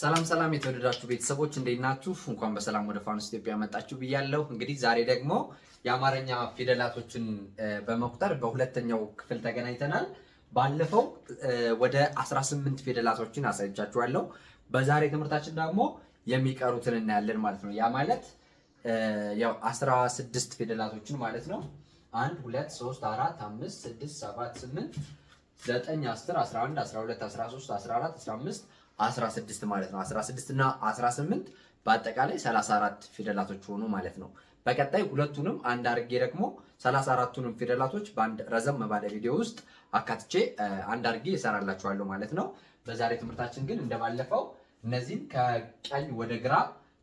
ሰላም ሰላም የተወደዳችሁ ቤተሰቦች እንዴት ናችሁ? እንኳን በሰላም ወደ ፋኖስ ኢትዮጵያ መጣችሁ ብያለሁ። እንግዲህ ዛሬ ደግሞ የአማርኛ ፊደላቶችን በመቁጠር በሁለተኛው ክፍል ተገናኝተናል። ባለፈው ወደ 18 ፊደላቶችን አሳይቻችኋለሁ። በዛሬ ትምህርታችን ደግሞ የሚቀሩትን እናያለን ማለት ነው። ያ ማለት ያው 16 ፊደላቶችን ማለት ነው። 1 2 3 4 5 6 7 8 9 10 11 12 13 14 15 16 ማለት ነው። 16 እና 18 በአጠቃላይ 34 ፊደላቶች ሆኑ ማለት ነው። በቀጣይ ሁለቱንም አንድ አድርጌ ደግሞ 34ቱንም ፊደላቶች በአንድ ረዘም ባለ ቪዲዮ ውስጥ አካትቼ አንድ አድርጌ እሰራላችኋለሁ ማለት ነው። በዛሬ ትምህርታችን ግን እንደባለፈው እነዚህን ከቀኝ ወደ ግራ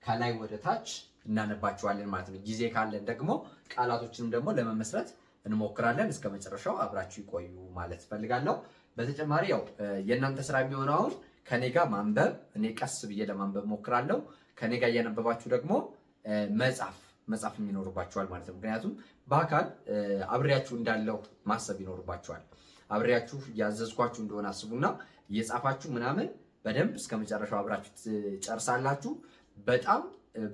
ከላይ ወደ ታች እናነባቸዋለን ማለት ነው። ጊዜ ካለን ደግሞ ቃላቶችንም ደግሞ ለመመስረት እንሞክራለን። እስከ መጨረሻው አብራችሁ ይቆዩ ማለት ፈልጋለሁ። በተጨማሪ ያው የእናንተ ስራ የሚሆነው አሁን ከኔ ጋር ማንበብ እኔ ቀስ ብዬ ለማንበብ ሞክራለሁ። ከኔ ጋር እያነበባችሁ ደግሞ መጻፍ መጻፍ የሚኖርባችኋል ማለት ነው። ምክንያቱም በአካል አብሬያችሁ እንዳለው ማሰብ ይኖርባችኋል። አብሬያችሁ እያዘዝኳችሁ እንደሆነ አስቡና እየጻፋችሁ ምናምን በደንብ እስከ መጨረሻው አብራችሁ ትጨርሳላችሁ። በጣም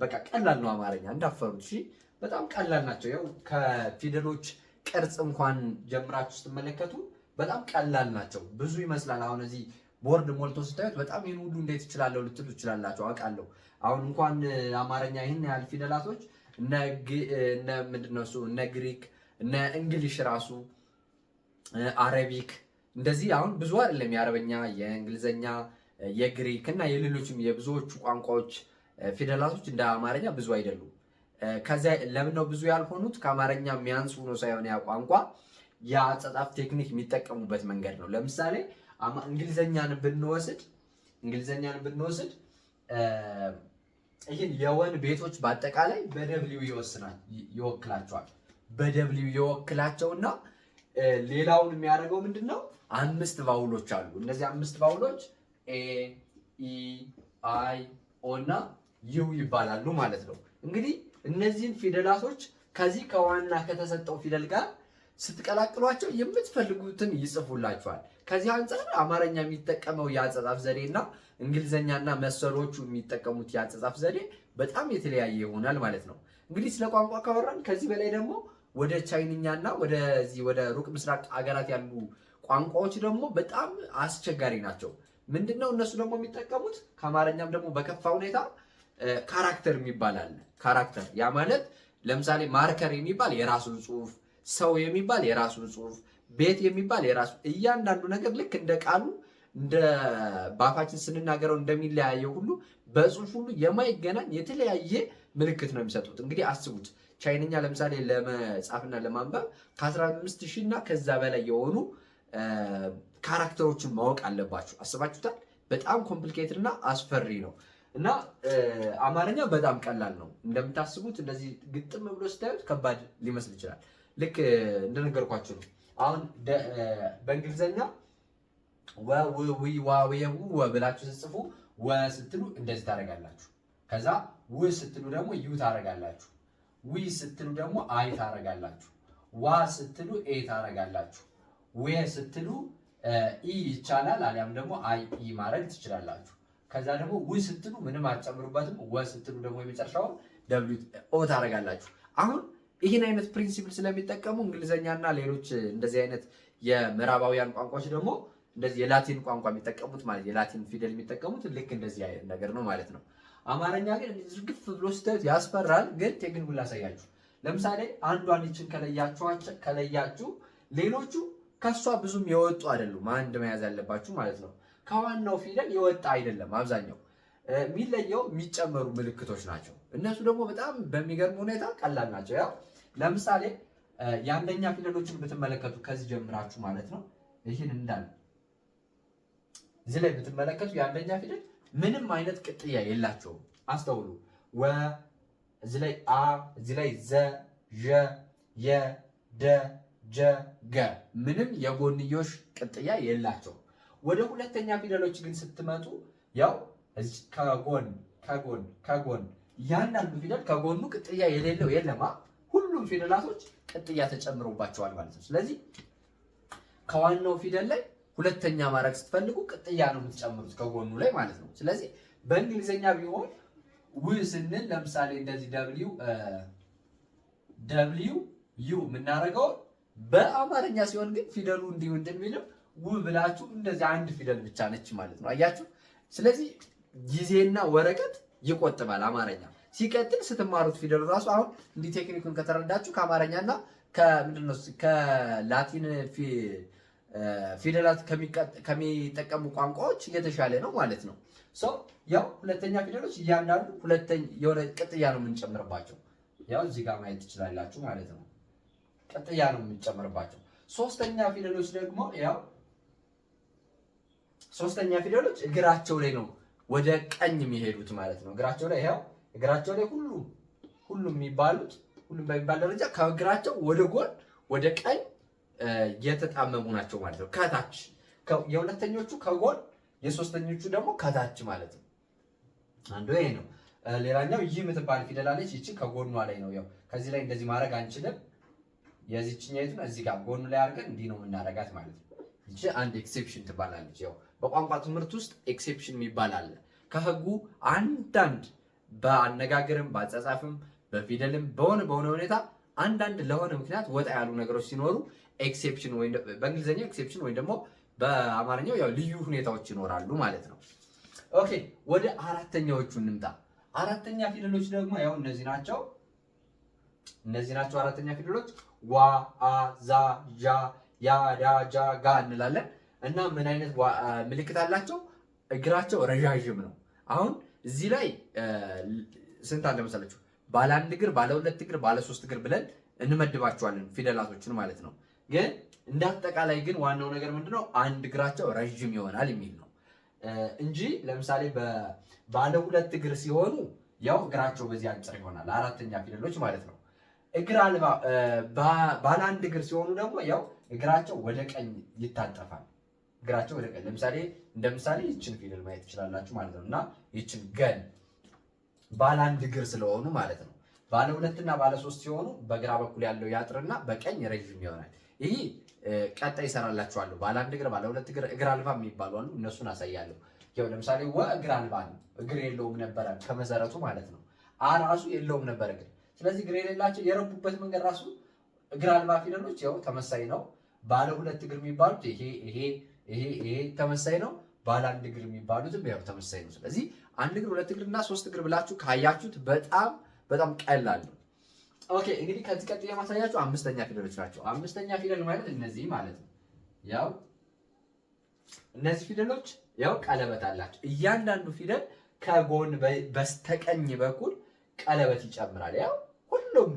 በቃ ቀላል ነው አማርኛ እንዳፈሩት። እሺ በጣም ቀላል ናቸው። ያው ከፊደሎች ቅርጽ እንኳን ጀምራችሁ ስትመለከቱ በጣም ቀላል ናቸው። ብዙ ይመስላል አሁን እዚህ ቦርድ ሞልቶ ስታዩት በጣም ይህን ሁሉ እንዴት ይችላለሁ ልትሉ ይችላላቸው አውቃለሁ። አሁን እንኳን አማርኛ ይህን ያህል ፊደላቶች እነ ምንድን እነ ግሪክ እነ እንግሊሽ ራሱ አረቢክ እንደዚህ አሁን ብዙ አይደለም የአረበኛ የእንግሊዝኛ የግሪክ እና የሌሎችም የብዙዎቹ ቋንቋዎች ፊደላቶች እንደ አማርኛ ብዙ አይደሉም። ከዚያ ለምን ነው ብዙ ያልሆኑት? ከአማርኛ የሚያንስ ሆኖ ሳይሆን ያ ቋንቋ የአጸጣፍ ቴክኒክ የሚጠቀሙበት መንገድ ነው። ለምሳሌ እንግሊዘኛን ብንወስድ እንግሊዘኛን ብንወስድ ይህን የወን ቤቶች በአጠቃላይ በደብሊው ይወስናል ይወክላቸዋል። በደብሊው ይወክላቸውና ሌላውን የሚያደርገው ምንድን ነው? አምስት ቫውሎች አሉ። እነዚህ አምስት ቫውሎች ኤ፣ ኢ፣ አይ፣ ኦ እና ዩ ይባላሉ ማለት ነው። እንግዲህ እነዚህን ፊደላቶች ከዚህ ከዋና ከተሰጠው ፊደል ጋር ስትቀላቅሏቸው የምትፈልጉትን ይጽፉላችኋል። ከዚህ አንጻር አማርኛ የሚጠቀመው የአጸጻፍ ዘዴ እና እንግሊዘኛና መሰሎቹ የሚጠቀሙት የአጸጻፍ ዘዴ በጣም የተለያየ ይሆናል ማለት ነው። እንግዲህ ስለ ቋንቋ ካወራን ከዚህ በላይ ደግሞ ወደ ቻይንኛና ወደዚህ ወደ ሩቅ ምስራቅ አገራት ያሉ ቋንቋዎች ደግሞ በጣም አስቸጋሪ ናቸው። ምንድነው እነሱ ደግሞ የሚጠቀሙት ከአማርኛም ደግሞ በከፋ ሁኔታ ካራክተር የሚባል አለ። ካራክተር ያ ማለት ለምሳሌ ማርከር የሚባል የራሱን ጽሁፍ ሰው የሚባል የራሱን ጽሁፍ፣ ቤት የሚባል የራሱ እያንዳንዱ ነገር ልክ እንደ ቃሉ እንደ ባፋችን ስንናገረው እንደሚለያየው ሁሉ በጽሁፍ ሁሉ የማይገናኝ የተለያየ ምልክት ነው የሚሰጡት። እንግዲህ አስቡት ቻይንኛ ለምሳሌ ለመጻፍና ለማንበብ ከ15 ሺህ እና ከዛ በላይ የሆኑ ካራክተሮችን ማወቅ አለባችሁ። አስባችሁታል? በጣም ኮምፕሊኬትድ እና አስፈሪ ነው። እና አማርኛ በጣም ቀላል ነው እንደምታስቡት። እንደዚህ ግጥም ብሎ ስታዩት ከባድ ሊመስል ይችላል። ልክ እንደነገርኳችሁ ነው። አሁን በእንግሊዝኛ ወ ብላችሁ ስትጽፉ ወ ስትሉ እንደዚህ ታደርጋላችሁ። ከዛ ው ስትሉ ደግሞ ዩ ታደርጋላችሁ። ዊ ስትሉ ደግሞ አይ ታደርጋላችሁ። ዋ ስትሉ ኤ ታደርጋላችሁ። ዌ ስትሉ ኢ ይቻላል፣ አሊያም ደግሞ አይ ኢ ማድረግ ትችላላችሁ። ከዛ ደግሞ ው ስትሉ ምንም አትጨምሩበትም። ወ ስትሉ ደግሞ የመጨረሻውን ደብሊው ኦ ታደርጋላችሁ አሁን ይህን አይነት ፕሪንሲፕል ስለሚጠቀሙ እንግሊዘኛና ሌሎች እንደዚህ አይነት የምዕራባውያን ቋንቋዎች ደግሞ እንደዚህ የላቲን ቋንቋ የሚጠቀሙት ማለት የላቲን ፊደል የሚጠቀሙት ልክ እንደዚህ አይነት ነገር ነው ማለት ነው። አማርኛ ግን ዝርግፍ ብሎ ስታዩት ያስፈራል። ግን ቴክኒኩን ላሳያችሁ። ለምሳሌ አንዷን ይችን ከለያችሁ ሌሎቹ ከሷ ብዙም የወጡ አይደሉም። አንድ መያዝ ያለባችሁ ማለት ነው። ከዋናው ፊደል የወጣ አይደለም። አብዛኛው የሚለየው የሚጨመሩ ምልክቶች ናቸው። እነሱ ደግሞ በጣም በሚገርም ሁኔታ ቀላል ናቸው ያው ለምሳሌ የአንደኛ ፊደሎችን ብትመለከቱ ከዚህ ጀምራችሁ ማለት ነው። ይህን እንዳለ እዚህ ላይ ብትመለከቱ የአንደኛ ፊደል ምንም አይነት ቅጥያ የላቸውም። አስተውሉ። ወ እዚህ ላይ አ እዚህ ላይ ዘ ዠ የ ደ ጀ ገ ምንም የጎንዮሽ ቅጥያ የላቸው። ወደ ሁለተኛ ፊደሎች ግን ስትመጡ ያው ከጎን ከጎን ከጎን እያንዳንዱ ፊደል ከጎኑ ቅጥያ የሌለው የለማ ሁሉም ፊደላቶች ቅጥያ ተጨምሮባቸዋል ማለት ነው። ስለዚህ ከዋናው ፊደል ላይ ሁለተኛ ማድረግ ስትፈልጉ ቅጥያ ነው የምትጨምሩት ከጎኑ ላይ ማለት ነው። ስለዚህ በእንግሊዝኛ ቢሆን ው ስንል ለምሳሌ እንደዚህ ደብሊው ደብሊው ዩ የምናደርገው በአማርኛ ሲሆን ግን ፊደሉ እንዲሁ እንደሚልም ው ብላችሁ እንደዚህ አንድ ፊደል ብቻ ነች ማለት ነው። አያችሁ። ስለዚህ ጊዜና ወረቀት ይቆጥባል አማርኛ ሲቀጥል ስትማሩት ፊደል ራሱ አሁን እንዲህ ቴክኒኩን ከተረዳችሁ ከአማርኛና ከምንድነው ከላቲን ፊደላት ከሚጠቀሙ ቋንቋዎች የተሻለ ነው ማለት ነው። ሰው ያው ሁለተኛ ፊደሎች እያንዳንዱ የሆነ ቅጥያ ነው የምንጨምርባቸው። ያው እዚህ ጋር ማየት ትችላላችሁ ማለት ነው። ቅጥያ ነው የምንጨምርባቸው። ሶስተኛ ፊደሎች ደግሞ ያው ሶስተኛ ፊደሎች እግራቸው ላይ ነው ወደ ቀኝ የሚሄዱት ማለት ነው። እግራቸው ላይ ያው እግራቸው ላይ ሁሉም ሁሉም የሚባሉት ሁሉም በሚባል ደረጃ ከእግራቸው ወደ ጎን ወደ ቀኝ የተጣመሙ ናቸው ማለት ነው። ከታች የሁለተኞቹ ከጎን የሶስተኞቹ ደግሞ ከታች ማለት ነው። አንዱ ይሄ ነው። ሌላኛው ይህ የምትባል ፊደል አለች። ይቺ ከጎኗ ላይ ነው። ያው ከዚህ ላይ እንደዚህ ማድረግ አንችልም። የዚችኛይቱን እዚህ ጋር ጎኑ ላይ አድርገን እንዲህ ነው የምናደርጋት ማለት ነው። ይቺ አንድ ኤክሴፕሽን ትባላለች። ያው በቋንቋ ትምህርት ውስጥ ኤክሴፕሽን የሚባል አለ። ከህጉ አንዳንድ በአነጋገርም በአጻጻፍም በፊደልም በሆነ በሆነ ሁኔታ አንዳንድ ለሆነ ምክንያት ወጣ ያሉ ነገሮች ሲኖሩ ኤክሴፕሽን ወይ በእንግሊዝኛው ኤክሴፕሽን ወይ ደግሞ በአማርኛው ያው ልዩ ሁኔታዎች ይኖራሉ ማለት ነው። ኦኬ ወደ አራተኛዎቹ እንምጣ። አራተኛ ፊደሎች ደግሞ ያው እነዚህ ናቸው። እነዚህ ናቸው አራተኛ ፊደሎች ዋ፣ አ፣ ዛ፣ ዣ፣ ያ፣ ዳ፣ ጃ፣ ጋ እንላለን እና ምን አይነት ምልክት አላቸው? እግራቸው ረዣዥም ነው። አሁን እዚህ ላይ ስንት አለ መሰላችሁ? ባለ አንድ እግር፣ ባለ ሁለት እግር፣ ባለ ሶስት እግር ብለን እንመድባቸዋለን ፊደላቶችን ማለት ነው። ግን እንደ አጠቃላይ ግን ዋናው ነገር ምንድነው አንድ እግራቸው ረዥም ይሆናል የሚል ነው እንጂ ለምሳሌ ባለ ሁለት እግር ሲሆኑ ያው እግራቸው በዚህ አንጻር ይሆናል አራተኛ ፊደሎች ማለት ነው። እግር አልባ ባለ አንድ እግር ሲሆኑ ደግሞ ያው እግራቸው ወደ ቀኝ ይታጠፋል። እግራቸው ወደ ቀኝ። ለምሳሌ እንደ ምሳሌ ይችን ፊደል ማየት ትችላላችሁ ማለት ነው እና ይችን ገን ባለ አንድ እግር ስለሆኑ ማለት ነው። ባለ ሁለትና ባለ ሶስት ሲሆኑ በግራ በኩል ያለው ያጥርና በቀኝ ረዥም ይሆናል። ይህ ቀጣይ ይሰራላችኋለሁ። ባለ አንድ እግር፣ ባለ ሁለት እግር፣ እግር አልባ የሚባሉ አሉ። እነሱን አሳያለሁ። ያው ለምሳሌ ወ እግር አልባ ነው። እግር የለውም ነበረ ከመሰረቱ ማለት ነው። አራሱ የለውም ነበር እግር። ስለዚህ እግር የሌላቸው የረቡበት መንገድ ራሱ እግር አልባ ፊደሎች ያው ተመሳይ ነው። ባለ ሁለት እግር የሚባሉት ይሄ ይሄ ይሄ ይሄ ተመሳይ ነው። ባለ አንድ እግር የሚባሉትም ያው ተመሳይ ነው። ስለዚህ አንድ እግር፣ ሁለት እግር እና ሶስት እግር ብላችሁ ካያችሁት በጣም በጣም ቀላል ነው። ኦኬ እንግዲህ ከዚህ ቀጥዬ የማሳያችሁ አምስተኛ ፊደሎች ናቸው። አምስተኛ ፊደል ማለት እነዚህ ማለት ነው። ያው እነዚህ ፊደሎች ያው ቀለበት አላቸው። እያንዳንዱ ፊደል ከጎን በስተቀኝ በኩል ቀለበት ይጨምራል። ያው ሁሉም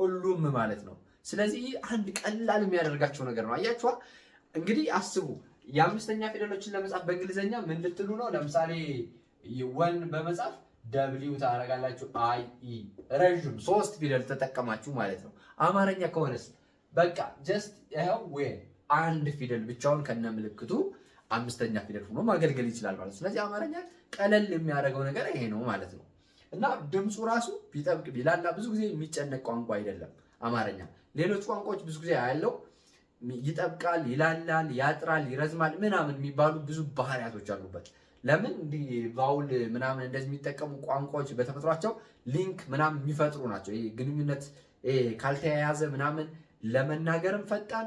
ሁሉም ማለት ነው። ስለዚህ አንድ ቀላል የሚያደርጋቸው ነገር ነው። አያችኋ እንግዲህ አስቡ የአምስተኛ ፊደሎችን ለመጻፍ በእንግሊዘኛ ምን ልትሉ ነው? ለምሳሌ ወን በመጻፍ ደብሊው ታደርጋላችሁ። አይ ኢ e ረዥም ሶስት ፊደል ተጠቀማችሁ ማለት ነው። አማርኛ ከሆነስ በቃ ጀስት ይኸው ወ አንድ ፊደል ብቻውን ከነ ምልክቱ አምስተኛ ፊደል ሆኖ ማገልገል ይችላል ማለት ስለዚህ አማርኛ ቀለል የሚያደርገው ነገር ይሄ ነው ማለት ነው። እና ድምፁ ራሱ ቢጠብቅ ቢላላ ብዙ ጊዜ የሚጨነቅ ቋንቋ አይደለም አማርኛ። ሌሎች ቋንቋዎች ብዙ ጊዜ ያለው ይጠብቃል፣ ይላላል፣ ያጥራል፣ ይረዝማል ምናምን የሚባሉ ብዙ ባህሪያቶች አሉበት። ለምን እንዲህ ቫውል ምናምን እንደዚህ የሚጠቀሙ ቋንቋዎች በተፈጥሯቸው ሊንክ ምናምን የሚፈጥሩ ናቸው። ይሄ ግንኙነት ካልተያያዘ ምናምን ለመናገርም ፈጣን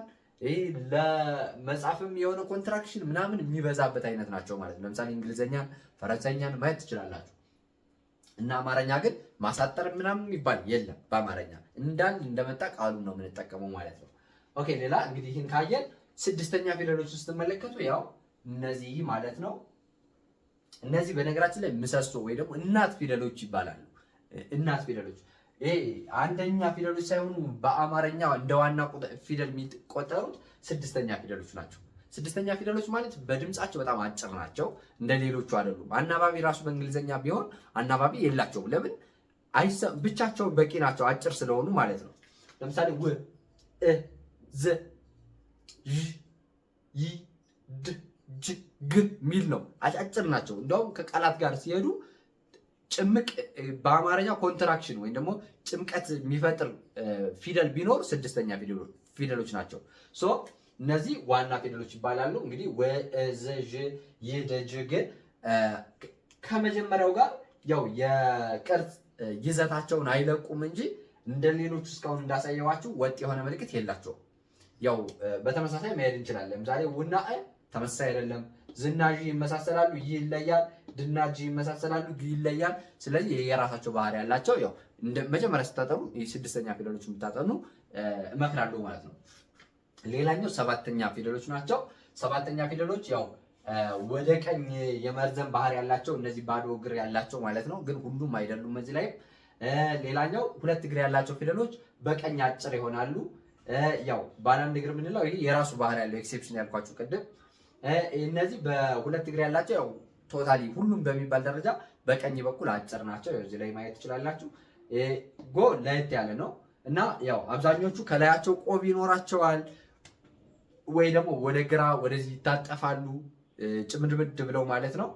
ለመጻፍም የሆነ ኮንትራክሽን ምናምን የሚበዛበት አይነት ናቸው ማለት ነው። ለምሳሌ እንግሊዝኛን ፈረንሳይኛን ማየት ትችላላችሁ እና አማርኛ ግን ማሳጠር ምናምን የሚባል የለም። በአማርኛ እንዳንድ እንደመጣ ቃሉን ነው የምንጠቀመው ማለት ነው። ኦኬ። ሌላ እንግዲህ ይህን ካየን ስድስተኛ ፊደሎችን ስትመለከቱ ያው እነዚህ ማለት ነው። እነዚህ በነገራችን ላይ ምሰሶ ወይ ደግሞ እናት ፊደሎች ይባላሉ። እናት ፊደሎች ይሄ አንደኛ ፊደሎች ሳይሆኑ በአማርኛ እንደ ዋና ፊደል የሚቆጠሩት ስድስተኛ ፊደሎች ናቸው። ስድስተኛ ፊደሎች ማለት በድምፃቸው በጣም አጭር ናቸው፣ እንደ ሌሎቹ አይደሉም። አናባቢ ራሱ በእንግሊዝኛ ቢሆን አናባቢ የላቸውም። ለምን ብቻቸውን በቂ ናቸው፣ አጭር ስለሆኑ ማለት ነው። ለምሳሌ ው ዘ ይ ድ ጅ ግ ሚል ነው። አጫጭር ናቸው። እንዲያውም ከቃላት ጋር ሲሄዱ ጭምቅ በአማርኛ ኮንትራክሽን ወይም ደግሞ ጭምቀት የሚፈጥር ፊደል ቢኖር ስድስተኛ ፊደሎች ናቸው። ሶ እነዚህ ዋና ፊደሎች ይባላሉ። እንግዲህ ወዘዥ ይደጅ ግ ከመጀመሪያው ጋር ያው የቅርጽ ይዘታቸውን አይለቁም እንጂ እንደ ሌሎቹ እስካሁን እንዳሳየዋችሁ ወጥ የሆነ ምልክት የላቸውም። ያው በተመሳሳይ መሄድ እንችላለን። ዛሬ ውናእ ተመሳሳይ አይደለም። ዝናዥ ይመሳሰላሉ፣ ይለያል። ድናጅ ይመሳሰላሉ፣ ይለያል። ስለዚህ የራሳቸው ባህሪ ያላቸው ያው መጀመሪያ ስታጠኑ የስድስተኛ ፊደሎች የምታጠኑ እመክራለሁ ማለት ነው። ሌላኛው ሰባተኛ ፊደሎች ናቸው። ሰባተኛ ፊደሎች ያው ወደ ቀኝ የመርዘም ባህሪ ያላቸው እነዚህ ባዶ እግር ያላቸው ማለት ነው። ግን ሁሉም አይደሉም። እዚህ ላይ ሌላኛው ሁለት እግር ያላቸው ፊደሎች በቀኝ አጭር ይሆናሉ። ያው ባለአንድ እግር የምንለው ይሄ የራሱ ባህሪ ያለው ኤክሴፕሽን ያልኳችሁ ቅድም። እነዚህ በሁለት እግር ያላቸው ያው ቶታሊ ሁሉም በሚባል ደረጃ በቀኝ በኩል አጭር ናቸው። እዚህ ላይ ማየት ትችላላችሁ። ጎ ለየት ያለ ነው እና ያው አብዛኞቹ ከላያቸው ቆብ ይኖራቸዋል ወይ ደግሞ ወደ ግራ ወደዚህ ይታጠፋሉ ጭምድምድ ብለው ማለት ነው።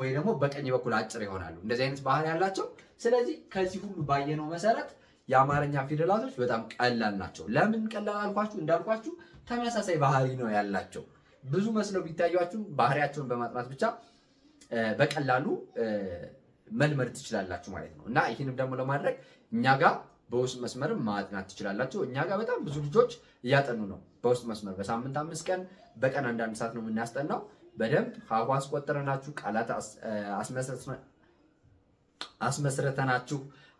ወይ ደግሞ በቀኝ በኩል አጭር ይሆናሉ። እንደዚህ አይነት ባህሪ ያላቸው ስለዚህ ከዚህ ሁሉ ባየነው መሰረት የአማርኛ ፊደላቶች በጣም ቀላል ናቸው። ለምን ቀላል አልኳችሁ? እንዳልኳችሁ ተመሳሳይ ባህሪ ነው ያላቸው። ብዙ መስለው ቢታያችሁ ባህሪያቸውን በማጥናት ብቻ በቀላሉ መልመድ ትችላላችሁ ማለት ነው እና ይህንም ደግሞ ለማድረግ እኛ ጋር በውስጥ መስመርም ማጥናት ትችላላችሁ። እኛ ጋር በጣም ብዙ ልጆች እያጠኑ ነው በውስጥ መስመር። በሳምንት አምስት ቀን በቀን አንዳንድ ሰዓት ነው የምናስጠናው። በደንብ ሀሁ አስቆጠረናችሁ፣ ቃላት አስመስረተናችሁ፣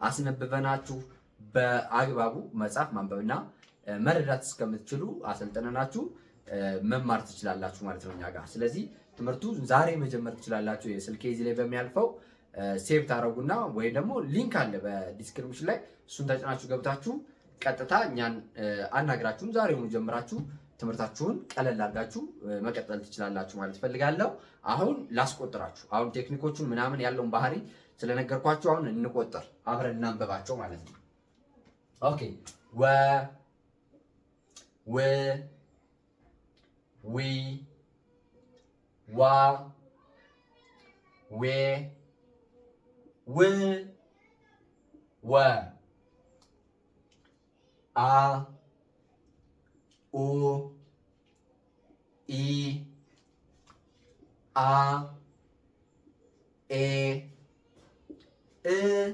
አስነብበናችሁ በአግባቡ መጻፍ ማንበብና መረዳት እስከምትችሉ አሰልጥነናችሁ መማር ትችላላችሁ ማለት ነው እኛ ጋር። ስለዚህ ትምህርቱ ዛሬ መጀመር ትችላላችሁ። የስልክ ዚ ላይ በሚያልፈው ሴቭ ታደረጉና ወይም ደግሞ ሊንክ አለ በዲስክሪፕሽን ላይ እሱን ተጭናችሁ ገብታችሁ ቀጥታ እኛን አናግራችሁን ዛሬውኑ ጀምራችሁ ትምህርታችሁን ቀለል አድርጋችሁ መቀጠል ትችላላችሁ ማለት እፈልጋለሁ። አሁን ላስቆጥራችሁ። አሁን ቴክኒኮቹን ምናምን ያለውን ባህሪ ስለነገርኳችሁ አሁን እንቆጠር፣ አብረን እናንበባቸው ማለት ነው። Okay. Where, where, we, wa, where, Where? were, a, o, i, a, e, e,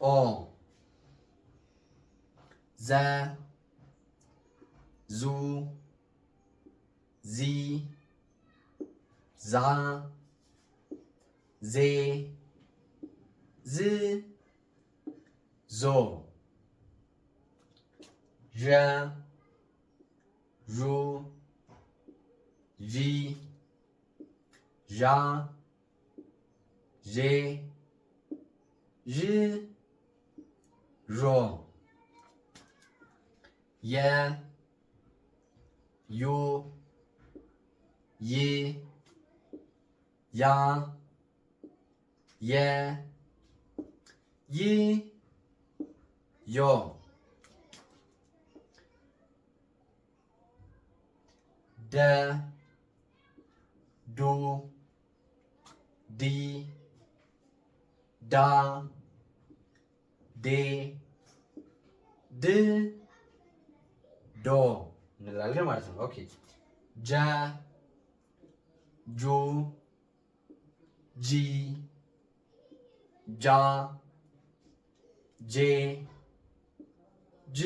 o. za, zu, zi, za, ze, zi, zo, je, ju, ji, ja, JÉ, je, ya yu yi ya ye yi yo da du di da de d ዶ እንላለን ማለት ነው። ኦኬ ጀ ጁ ጂ ጃ ጄ ጅ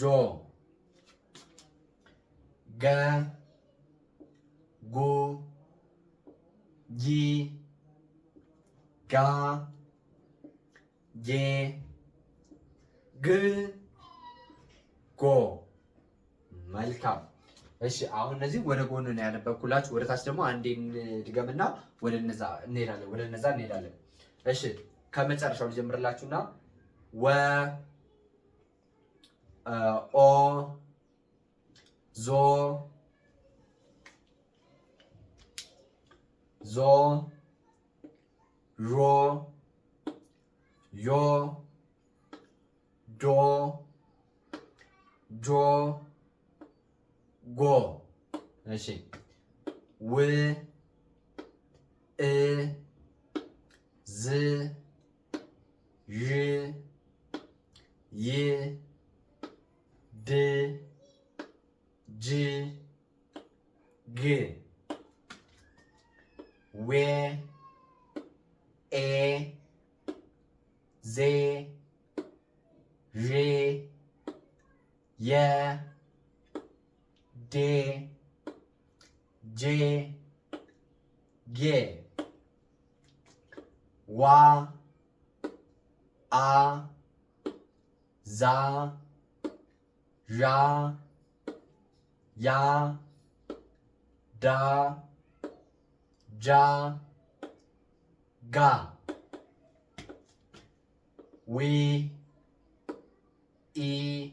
ጆ ገ ጉ ጊ ጋ ጌ ግ ጎ መልካም። እሺ አሁን እነዚህ ወደ ጎን ነው ያነበብኩላችሁ። ወደ ታች ደግሞ አንዴ ድገምና ወደ እነዛ እንሄዳለን ወደ እነዛ እንሄዳለን። እሺ ከመጨረሻው ልጀምርላችሁና ወ ኦ ዞ ዞ ዦ ዮ ዶ draw go let's see where a z ye ye d g g where a z ye yeah, de, j, ge, wa, a, za, ra, ya, da, ja, ga. We, e,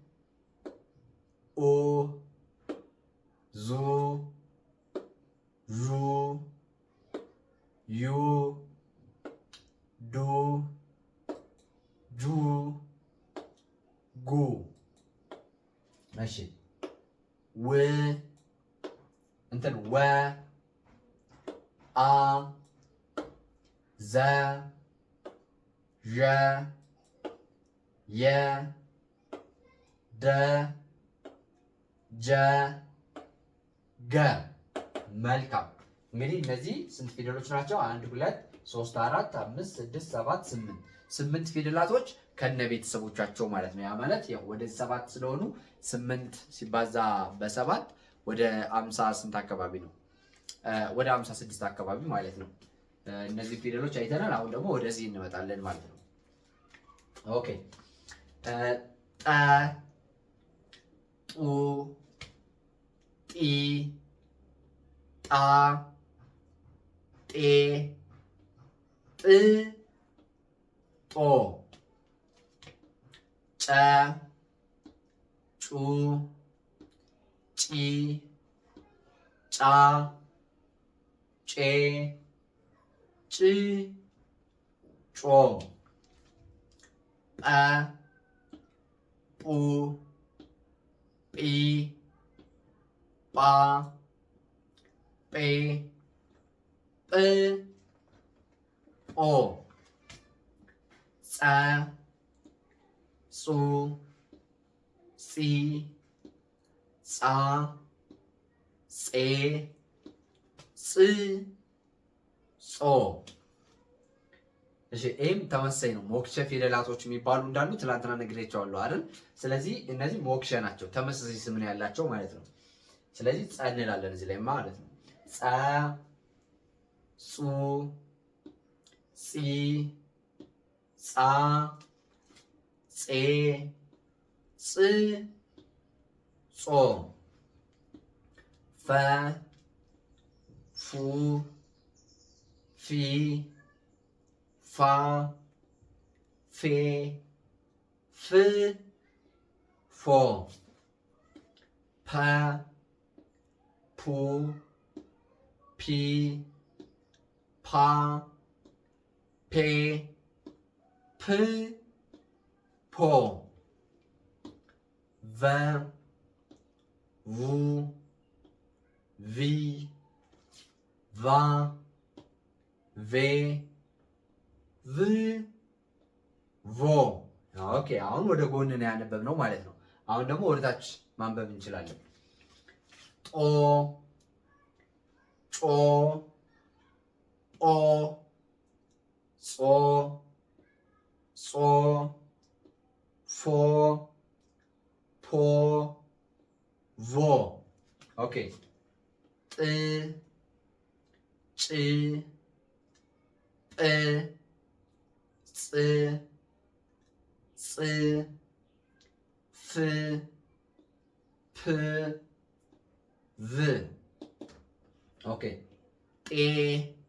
ፊደሎች ናቸው። አንድ ሁለት ሶስት አራት አምስት ስድስት ሰባት ስምንት ስምንት ፊደላቶች ከነ ቤተሰቦቻቸው ማለት ነው። ያ ማለት ያው ወደ ሰባት ስለሆኑ ስምንት ሲባዛ በሰባት ወደ አምሳ ስንት አካባቢ ነው? ወደ አምሳ ስድስት አካባቢ ማለት ነው። እነዚህ ፊደሎች አይተናል። አሁን ደግሞ ወደዚህ እንመጣለን ማለት ነው። ኦኬ ጠ ጡ ጢ ጣ ti ti l o c h a chu chi c h a che chi c h u p b p ጵ ጶ ጸ ጹ ጺ ጻ ጼ ፅ ጾ እሺ ኤም ተመሳሳይ ነው። ሞክሸ ፊደላቶች የሚባሉ እንዳሉ ትላንትና ነግሬያቸዋለሁ አይደል? ስለዚህ እነዚህ ሞክሸ ናቸው፣ ተመሳሳይ ስም ያላቸው ማለት ነው። ስለዚህ ጸ እንላለን እዚህ ላይ ማለት ነው ጸ 苏西沙西西从凡夫非凡非非否怕不比。ፓ ፔ ፕ ፖ ቨ ቩ ቪ ቫ ቬ ቭ ቮ ኦኬ። አሁን ወደ ጎን ነው ያነበብነው ማለት ነው። አሁን ደግሞ ወደታች ማንበብ እንችላለን። ጦ ጮ or so so for for vo okay t t t t t f p v okay E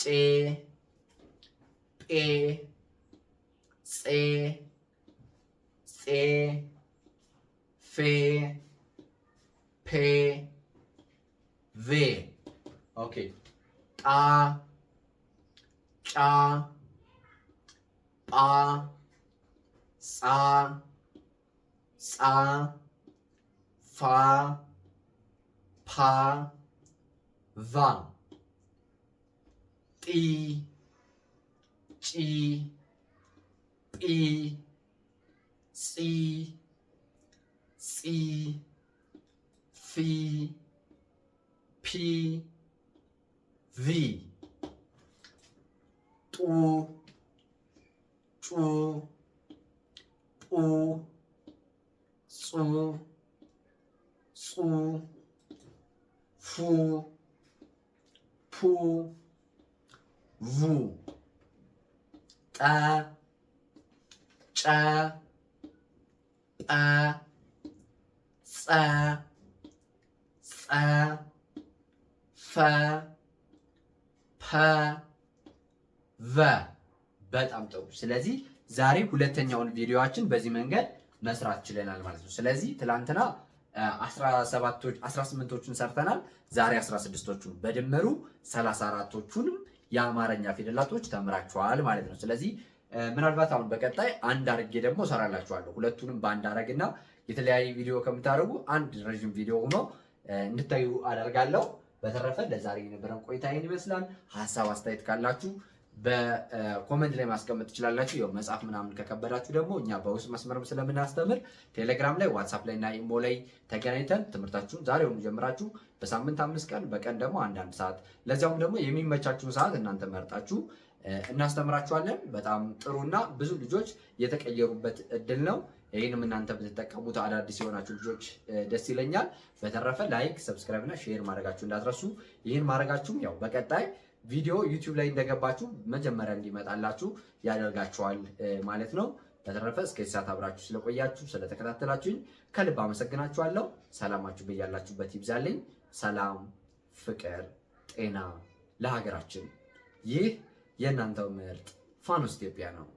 che, pe, se, se, fe, pe, ve. Okay. Ta, cha, pa, sa, sa, fa, pa, va. E G E C C F, P V Tu Chu Pu Su Su Fu p ቩ ጠ ጨ ጰ ጸ ጸ ፈ ፐ ቨ በጣም ጥሩ። ስለዚህ ዛሬ ሁለተኛውን ቪዲዮችን በዚህ መንገድ መስራት ችለናል ማለት ነው። ስለዚህ ትላንትና 17 18ቶቹን ሰርተናል። ዛሬ 16ቶቹን በድምሩ 34ቶቹንም የአማርኛ ፊደላቶች ተምራችኋል ማለት ነው። ስለዚህ ምናልባት አሁን በቀጣይ አንድ አርጌ ደግሞ እሰራላችኋለሁ። ሁለቱንም በአንድ አረግና የተለያየ ቪዲዮ ከምታደርጉ አንድ ረዥም ቪዲዮ ሆኖ እንድታዩ አደርጋለሁ። በተረፈ ለዛሬ የነበረን ቆይታ ይህን ይመስላል። ሀሳብ አስተያየት ካላችሁ በኮመንት ላይ ማስቀመጥ ትችላላችሁ። ያው መጽሐፍ ምናምን ከከበዳችሁ ደግሞ እኛ በውስጥ መስመርም ስለምናስተምር ቴሌግራም ላይ፣ ዋትሳፕ ላይ እና ኢሞ ላይ ተገናኝተን ትምህርታችሁን ዛሬውኑ ጀምራችሁ በሳምንት አምስት ቀን በቀን ደግሞ አንዳንድ ሰዓት ለዚያውም ደግሞ የሚመቻችሁን ሰዓት እናንተ መርጣችሁ እናስተምራችኋለን። በጣም እና ብዙ ልጆች የተቀየሩበት እድል ነው። ይህንም እናንተ ብትጠቀሙት አዳዲስ የሆናችሁ ልጆች ደስ ይለኛል። በተረፈ ላይክ፣ ሰብስክራይብ እና ሼር ማድረጋችሁ እንዳትረሱ። ይህን ማድረጋችሁም ያው በቀጣይ ቪዲዮ ዩቲዩብ ላይ እንደገባችሁ መጀመሪያ እንዲመጣላችሁ ያደርጋችኋል ማለት ነው። በተረፈ እስከ ሰዓት አብራችሁ ስለቆያችሁ ስለተከታተላችሁኝ ከልብ አመሰግናችኋለሁ። ሰላማችሁ በያላችሁበት ይብዛልኝ። ሰላም፣ ፍቅር፣ ጤና ለሀገራችን። ይህ የእናንተው ምርጥ ፋኖስ ኢትዮጵያ ነው።